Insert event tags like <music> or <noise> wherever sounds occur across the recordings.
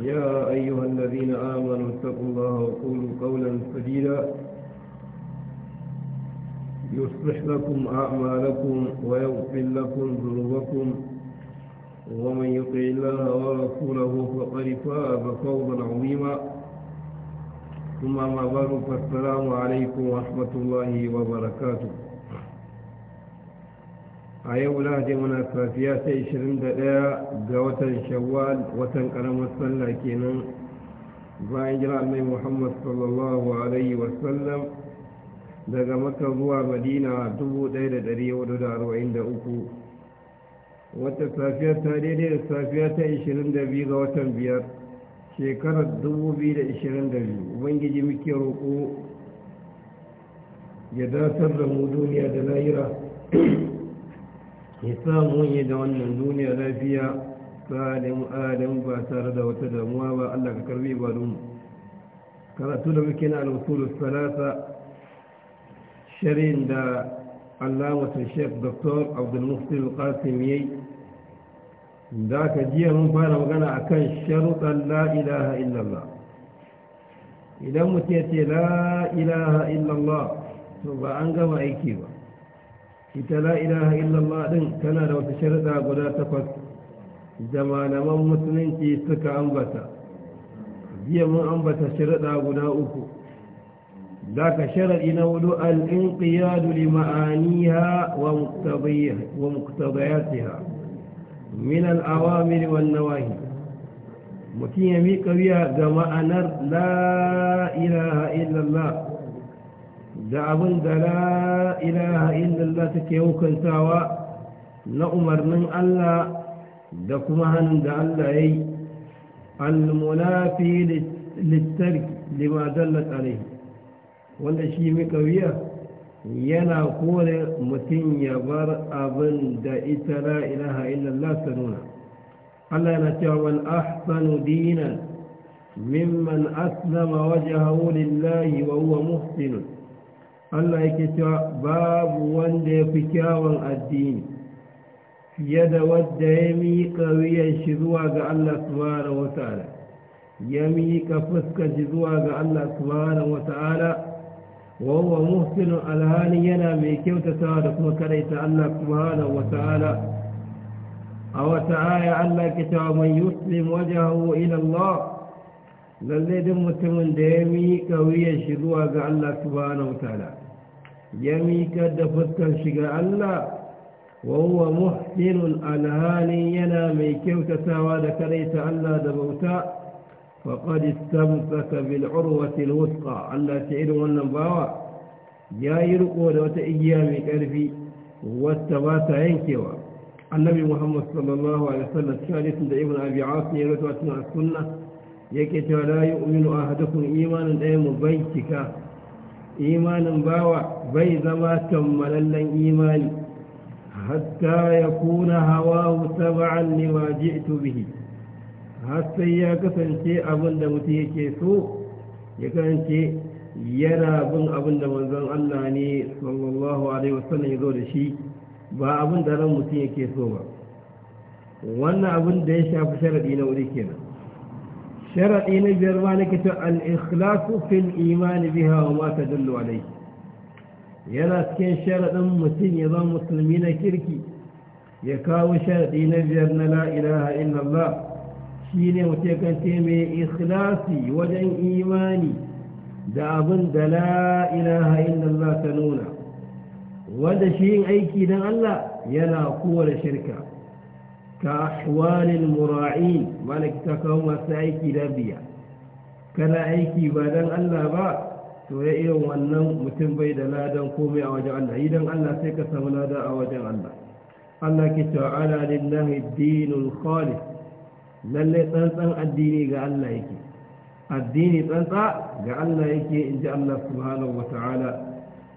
يا أيها الذين آمنوا اتقوا الله وقولوا قولا سديدا يصلح لكم أعمالكم ويغفر لكم ذنوبكم ومن يطع الله ورسوله فقد فاز فوزا عظيما ثم ما بعد فالسلام عليكم ورحمة الله وبركاته a yau lahadi muna safiya ta 21 ga watan shawwal watan karamar sallah kenan bayan jira mai muhammad sallallahu alaihi wasallam daga maka zuwa madina 1443 wata safiya ta daidai da safiya ta 22 ga watan biyar shekarar 2022 ubangiji muke roƙo ya dasar da mu duniya da lahira samun yi da wannan duniya lafiya salim adam ba tare da wata damuwa ba allah ka karbi ba mu karatu da muke na al'usulu salasa shirin da allamatin sheik dr abdulmuhsin qasim yayi da ka jiya mun fara magana a kan sharuɗan la'ilaha illallah idan mutum ya ce la'ilaha illallah to ba an gama aiki ba ita la ilaha illallah din tana da wata sharuɗa guda takwas da malaman musulunci suka ambata jiya mun ambata sharuɗa guda uku na wudu ذاك شرع نول wa لمعانيها min من الأوامر والنواهي متين يميك بها جماعنا لا إله إلا illallah دعوين دا لا إله إلا الله تكيوك انتاوا نأمر من الله دكمهن دا الله أي الملافي للترك لما دلت عليه وانا شيء مكوية ينا قول متن يبر أبن دا إتا لا إله إلا الله سنونا ألا نتعوى من أحسن دينا ممن أسلم وجهه لله وهو محسن Allah yake cewa babu wanda ya fi kyawun addini fiye da wadda ya miƙa wuyan shi zuwa ga Allah subhanahu wa ta'ala ya miƙa fuskar shi zuwa ga Allah subhanahu wa ta'ala wa huwa muhsinun alhali yana mai kyautatawa da kuma karaita Allah subhanahu wa ta'ala a wata aya Allah ke cewa man yuslim wajhahu ila Allah lallai duk mutumin da ya miƙa wuyan shi zuwa ga Allah subhanahu ta'ala يميك دفتك شقا ألا وهو محسن الألهاني ينامي ميكوت سواد كريت ألا دبوتا فقد استمسك بالعروة الوثقى ألا تعيد والنباوة يا يرقو دوت إيامي كرفي والتبات ينكوا النبي محمد صلى الله عليه وسلم ثالث ابن أبي عاصم يرتوى السنة يكتوى لا يؤمن أحدكم إيمانا أي مبيتك imanin bawa bai zama kammalallen imani hatta ya kuna hawa taba'an lima ji'tu bihi hatta ya kasance abin da mutum yake so ya kasance yana bin abin da manzon Allah ne sallallahu alaihi wasallam ya zo da shi ba abin da ran mutum yake so ba wannan abin da ya shafi sharadi na wuri kenan شرعي نجر مالك الإخلاص في الإيمان بها وما تدل عليه يلا سكين شرط مسين يضم مسلمين كركي يكاو شرعي نجر لا إله إلا الله شين وتيكن تيمي إخلاصي وجن إيماني دابن دا لا إله إلا الله تنونا ودا شين أيكي الله يلا قوة شركه كأحوال المراعين مالك تكوم سعيك لبيا كلا أيكي بادن الله با سوية إيو أنم متنبي دلادن قومي أوجع الله إيدن الله سيكا سمنادا أوجع الله الله كتعالى لله الدين الخالص للي تنسى الديني قال الله إيكي الديني تنسى قال الله إن جاء الله سبحانه وتعالى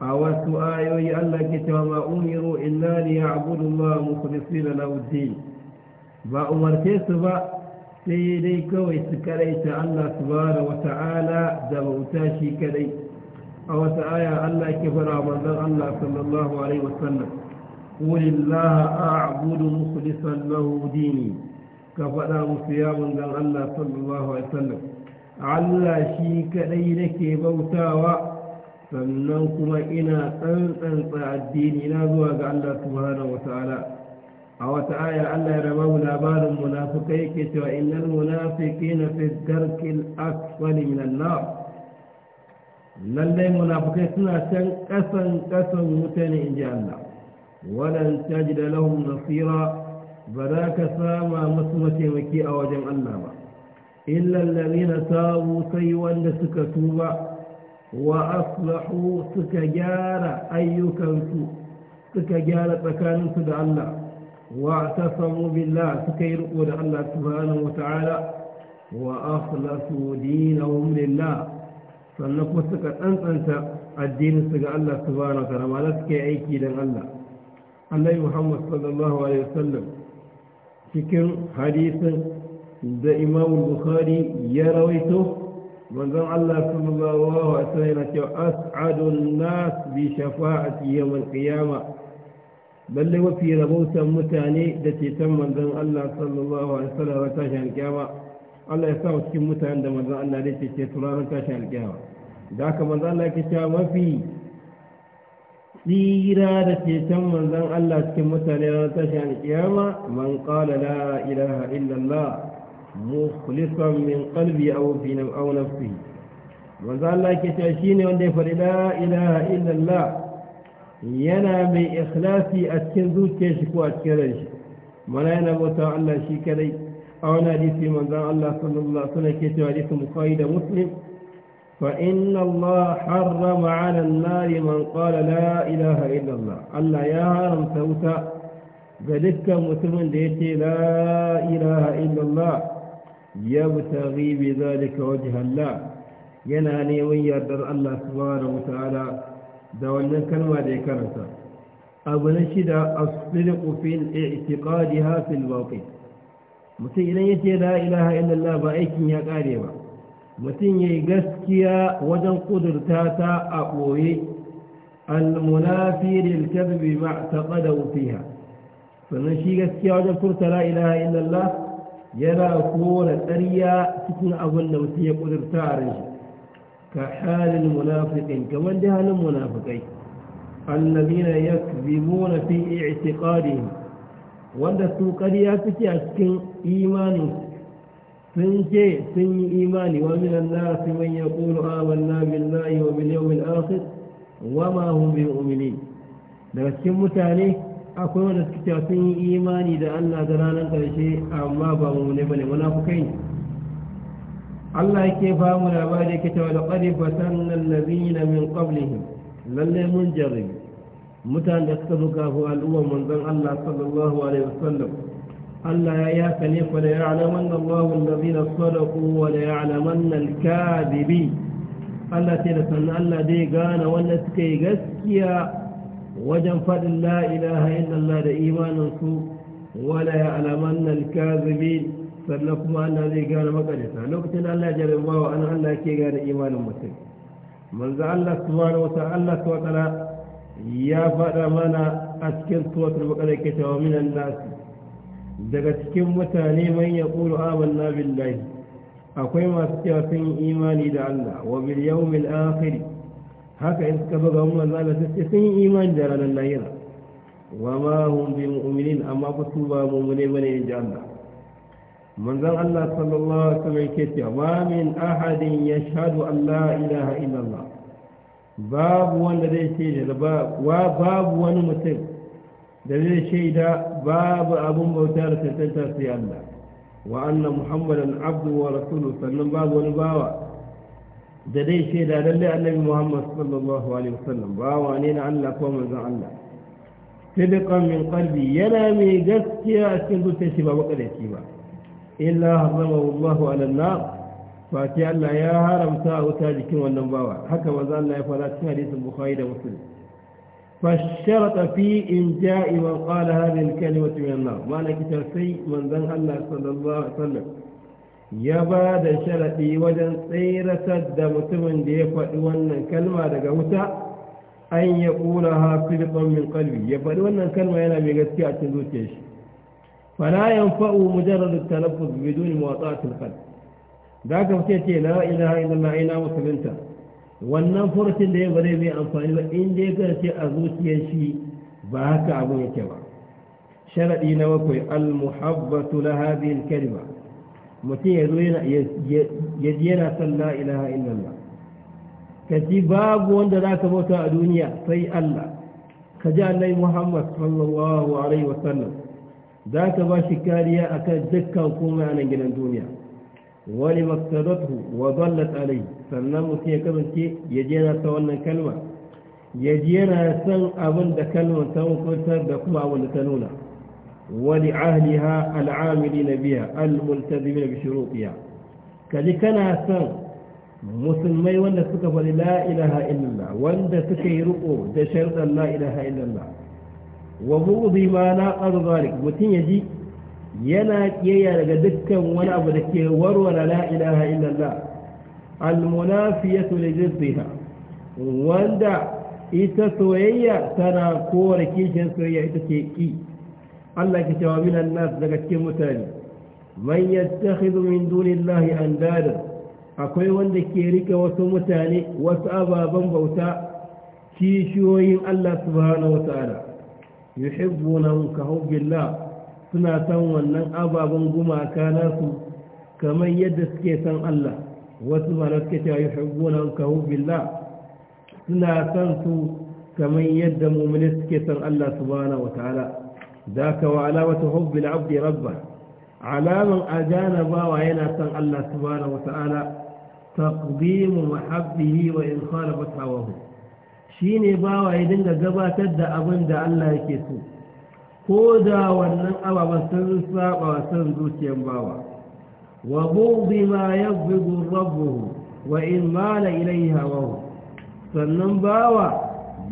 أوسوا آيوي الله كتعالى ما أمروا إلا ليعبدوا الله مخلصين له الدين ba umarce su ba sai dai kawai su karaita Allah subhanahu wata'ala da bauta shi kadai a wata aya Allah ke fara manzon Allah sallallahu alaihi wasallam qulillaha a'budu mukhlishan lahu dini ka fada musu ya manzon Allah sallallahu alaihi wasallam Allah shi kadai nake bautawa sannan kuma ina tsantsanta addini na zuwa ga Allah subhanahu wata'ala أو تآية ألا يرمو لابان المنافقين كتوى إن المنافقين في الدرك الأكفل من النار للي منافقين سنة سن قسن قسن متن إنجا الله ولن تجد لهم نصيرا فذاك ساما مسمة مكي أو جمع إلا الذين تابوا سيوا لسك توبا وأصلحوا سك أيكم سو سك جارا الله واعتصموا بالله تكيروا الله سبحانه وتعالى وأخلصوا دينهم لله فلنفسك أنت أنت الدين سجى الله سبحانه وتعالى ما لسك أي كيل الله النبي محمد صلى الله عليه وسلم تكن حديث ذا إمام البخاري رويته من ذا الله صلى الله عليه وسلم أسعد الناس بشفاعة يوم القيامة بل وفي ربوس متاني التي تم من الله صلى الله عليه وسلم وتشان كيما الله يساوس كم متان دم ذا الله التي تتران تشان كيما ذاك من ذا الله كيشا وفي سيرة التي تم من ذا الله كم متان تشان كيما من قال لا إله إلا الله مخلصا من قلبي أو في أو نفسي من ذا الله كيشا شيني وندفر لا إله إلا الله ينا إخلاصي أتكنزوت كيشكو أتكريش ملاينا بوتا الله شي كري أعنا ديسي من ذا الله صلى الله عليه وسلم كيشو عليه مقايدة مسلم فإن الله حرم على النار من قال لا إله إلا الله ألا يا حرم سوتا ذلك مسلم ديتي لا إله إلا الله يبتغي بذلك وجه الله ينامي وين يردر الله سبحانه وتعالى da wannan kalma da ya karanta abu na shida asiriku fil i'tiqadi ha fil waqi mutum idan yace la ilaha illallah ba aikin ya kare ba mutum yayi gaskiya wajen kudurta ta a boye al-munafi lil kadhibi ma taqadahu fiha sannan shi gaskiya wajen furta la ilaha illallah yana kowane tsariya cikin abin da mutum ya kudurta a ran كحال المنافقين كمن جهل المنافقين الذين يكذبون في اعتقادهم وان توقدي اكتي اسكن ايمان سنجي سن ايماني ومن الناس من يقول آمنا بالله وباليوم الآخر وما هم بمؤمنين لكن متاني أقول لك تعطيني إيماني ده أن أدرانا شيء أما بأمون بني منافقين الله كيف أمر عبادك ولقد فتن الذين من قبلهم للي منجرم متى نقتبك هو الأمم من الله صلى الله عليه وسلم الله يا كليف وليعلمن الله الذين صدقوا وليعلمن الكاذبين الله تلسن الله دي قان ونسكي قسكيا وجنفر لا إله إلا الله إيمان سوء وليعلمن الكاذبين sannan kuma Allah zai gane makarita lokacin Allah ya jarabawa an Allah ke gane imanin mutum manzo Allah subhanahu wa ta'ala wa ta'ala ya faɗa mana a cikin suratul baqara ke cewa minan nas daga cikin mutane man yaqulu amanna billahi akwai masu cewa sun imani da Allah wa bil yawmil akhir haka in suka buga mun manzo Allah sai sun imani da ranar lahira wa ma hum bi mu'minin amma ba su ba mu'mine bane in ji Allah من ذا الله صلى الله عليه وسلم ومن أحد يشهد أن لا إله إلا الله باب وان ذي شيء وباب وان مسلم ذي شيء باب أبو مبتار ستنتر في الله وأن محمدا عبد ورسوله صلى الله عليه وسلم باب وان ذي شيء ذي النبي محمد صلى الله عليه وسلم باب وانين عن الله ومن ذا الله صدقا من قلبي ينامي جسكي أسكن دوتي شبا وقلي إلا هرمه الله على النار فاتي ألا يا هرم ساء تاجك والنباوة حكى وزان لا في حديث البخاري ومسلم فالشرط في إن من قال هذه الكلمة من النار ما لك تنسي من ذنها الله صلى الله عليه وسلم يا يباد شرطي وجن سيرة دمتم ديفة وانا كلمة دقوتا أن يقولها صدقا من قلبي يباد الكلمة كلمة ينا ميغسكي أتنزوتيش فلا ينفع مجرد التلفظ بدون مواطاة القلب ذاك فتيتي لا إله إلا الله إلا انت والنفرة اللي يبري بي أنصاري وإن دي قرتي أغوث ينشي باك أبو يتبع شرعي نوكوي المحبة لهذه الكلمة متي يدينا يدينا صلى لا إله إلا الله كتي باب وند ذاك موتى الدنيا في الله كجاء الله محمد صلى الله عليه وسلم ذاك باشكاليا أكذكا وكوما أنا جل الدنيا ولما اقتضته وظلت عليه فنم في كبرك يجينا سوالنا كلمة يجينا سن أبن دكلمة كلمة كنتر دكما أبن تنونا ولعهلها العاملين بها الملتزمين بشروطها كذي كان سن مسلمي ولا سكف لا إله إلا الله ولا سكي رؤو دشرط لا إله إلا الله وهوضي ما لا أرض ذلك وتين يجي ينا كيانا قدكا ولا أبدك ور ولا لا إله إلا الله المنافية لجزها واندع إتا سوئية تنا كوركي جن سوئية إتا كي الله كتوابين الناس لقد كمتاني من يتخذ من دون الله أندادا أقول واندع كيريك وسمتاني وسأبا بمبوتا كي شوئين الله سبحانه وتعالى يحبونه كحب الله سنة ثوانا أبابا قما كانت كمن يدس كيسان الله وسمى لكتا يحبونه كحب الله سنة ثوانا كمن يدم من كيسان الله سبحانه وتعالى ذاك وعلاوة حب العبد ربه على علاما أجانبا وعينة الله سبحانه وتعالى تقديم محبه وإن خالفت هواه shi ne bawa ya dinga gabatar da abin da Allah yake so ko da wannan ababen sun saba wa son zuciyar bawa wa buɗi ma ya bugu wa in mala ilai hawahu sannan bawa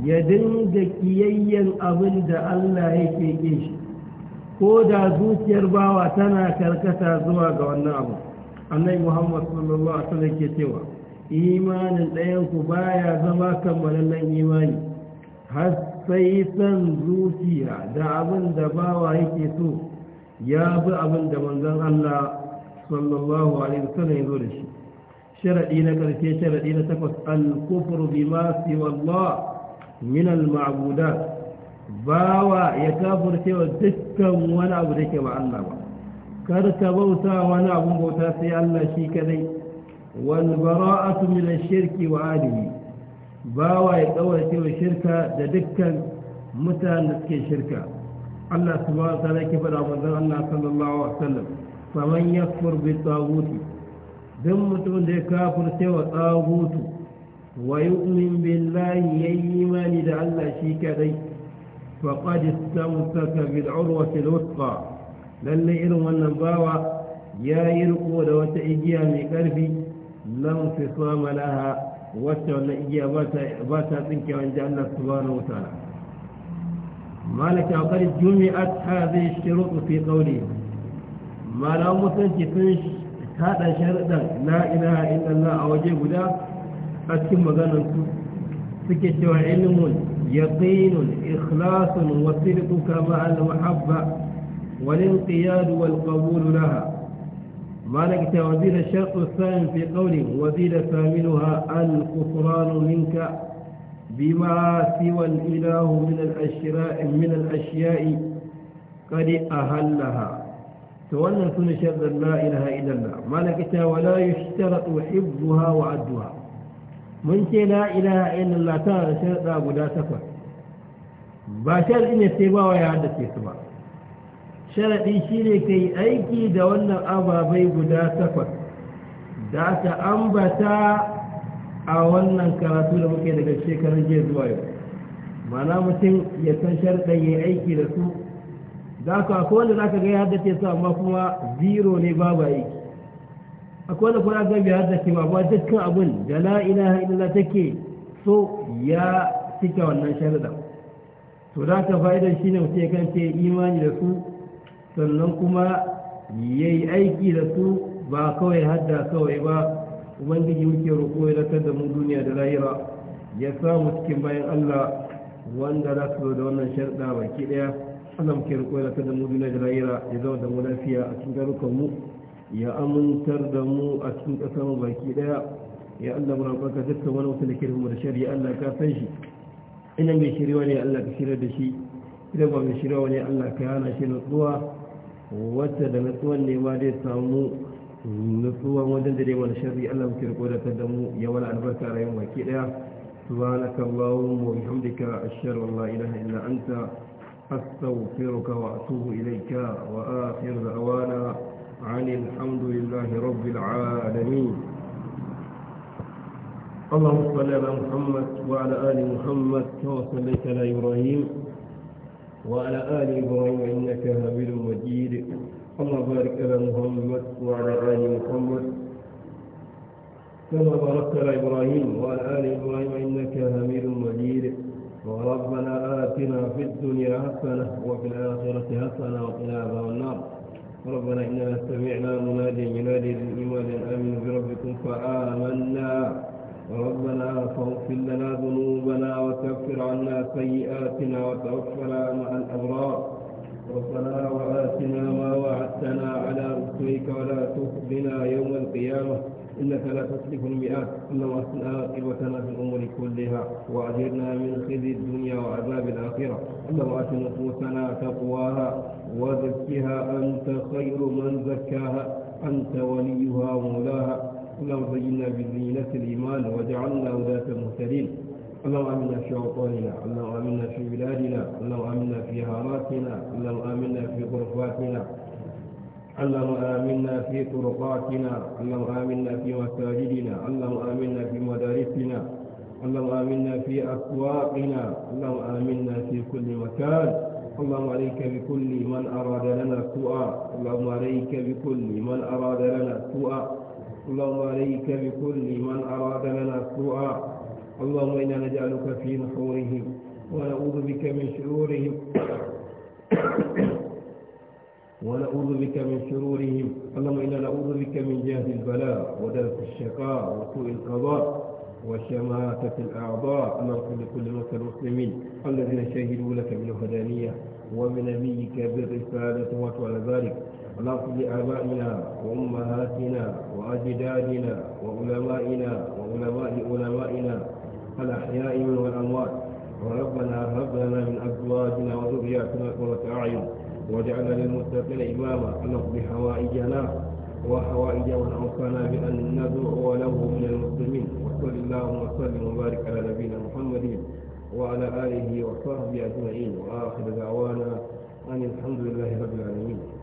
ya dinga kiyayyen abin da Allah yake ƙin shi ko da zuciyar bawa tana karkata zuwa ga wannan abu annai muhammad sallallahu alaihi wasallam ke cewa imanin ɗayanku baya zama kammalallen imani har sai san zuciya da abin da bawa yake so ya bi abin da manzon Allah sallallahu alaihi wasallam ya zo da shi sharadi na ƙarshe sharadi na takwas al-kufru bima siwa Allah min al-ma'budat bawa ya kafirce wa dukkan wani abu da ke ba Allah ba kar ka bauta wani abun bauta sai Allah shi kadai والبراءة من الشرك وآله يتوه يقوتي وشركة ددكا متان نسكي شركة الله سبحانه وتعالى كبر أبو الله صلى الله عليه وسلم فمن يكفر بالطاغوت ذمة لكافر سوى طاغوت ويؤمن بالله ييمان إذا الله شيكا ذي فقد استمسك بالعروة الوثقى للي إلو النباوة ya يا riko da wata من mai لا انفصام لها وتولئية تنكى عند الله سبحانه وتعالى ما لك وقد جمعت هذه الشروط في قوله ما لا مسلم تنش هذا شرطا لا إله إلا الله أوجه لا أتكم مغانا سكت علم يقين إخلاص وصدق كما المحبة والانقياد والقبول لها مالك وزيد الشرط الثاني في قوله وزيل ثامنها الكفران منك بما سوى الإله من الأشياء من الأشياء قد أهلها تولى سن شر لا إله إلا الله مالك ولا يشترط حفظها وعدها من لا إله إلا الله ترى شرط أبو لا تفر باشر إن السباة ويعد السباة sharaɗi shi ne ka yi aiki da wannan ababai guda takwas da aka ambata a wannan karatu da muke daga shekarun jiya zuwa yau mana mutum ya san sharaɗin ya yi aiki da su za ka akwai wanda za ka ga ya haddace su amma kuma zero ne babu aiki akwai wanda kuma ga ya haddace ba ba dukkan abin da la ilaha ta take so ya cika wannan sharaɗin to da ka fa'idar shi shine mutum ya kance imani da su sannan kuma ya yi aiki da su ba kawai hadda kawai ba ubangiji muke roƙo ya latar da mu duniya da lahira ya samu cikin bayan allah wanda za su da wannan sharɗa baki ɗaya allah muke roƙo ya latar da mu duniya da lahira ya zama da mu lafiya a cikin garukan mu ya amintar da mu a cikin ƙasar mu baki ɗaya ya allah mu raƙon dukkan wani mutum da ke da shari'a allah ka san shi ina mai shirya ne allah ka shirya da shi idan ba mai shirya wani allah ka yana shi tsuwa wacce da nutsuwan ne ma zai samu nutsuwan wajen da wani shari'a Allah muke kirko da da mu ya wani albarka rayuwa ke daya سبحانك اللهم وبحمدك أشهد أن لا إله إلا أنت أستغفرك وأتوب إليك وآخر دعوانا عن الحمد لله رب العالمين اللهم صل على محمد وعلى آل محمد كما صليت على إبراهيم وعلى آل إبراهيم إنك حميد مجيد اللهم بارك على محمد وعلى آل محمد كما باركت على إبراهيم وعلى آل إبراهيم إنك حميد مجيد وربنا آتنا في الدنيا حسنة وفي الآخرة حسنة وقنا عذاب النار ربنا إننا سمعنا مناديا ينادي للإيمان آمنوا بربكم فآمنا ربنا فاغفر لنا ذنوبنا وكفر عنا سيئاتنا وتوفنا مع الأبرار ربنا وآتنا ما وعدتنا على رسلك ولا تخزنا يوم القيامة إنك لا تخلف المئات إنما أحسن عاقبتنا في الأمور كلها وأجرنا من خزي الدنيا وعذاب الآخرة إنما آت نفوسنا تقواها وزكها أنت خير من زكاها أنت وليها ومولاها اللهم زينا بزينة الإيمان وجعلنا ولاة مهتدين اللهم آمنا في أوطاننا اللهم آمنا في بلادنا اللهم آمنا في هاراتنا اللهم آمنا في غرفاتنا اللهم آمنا في طرقاتنا اللهم آمنا في مساجدنا اللهم آمنا في مدارسنا اللهم آمنا في أسواقنا اللهم آمنا في كل مكان اللهم عليك بكل من أراد لنا سوءا اللهم عليك بكل من أراد لنا سوءا اللهم عليك بكل من أراد لنا سوءا اللهم إنا نجعلك في نحورهم ونعوذ بك من شرورهم <coughs> ونعوذ بك من شرورهم اللهم إنا نعوذ بك من جهد البلاء ودرس الشقاء وسوء القضاء وشماتة الأعضاء نغفر لكل موتى المسلمين الذين شهدوا لك ومن نبيك بالرسالة وعلى ذلك ونقض آبائنا وأمهاتنا وأجدادنا وعلمائنا وعلماء علمائنا الأحياء والأموات وربنا هب لنا من أزواجنا وذرياتنا قرة أعين واجعلنا للمتقين إماما نقضي حوائجنا وحوائج من أوصانا بأن ندعو له من المسلمين وصل اللهم وسلم وبارك على نبينا محمد وعلى آله وصحبه أجمعين وآخر دعوانا أن الحمد لله رب العالمين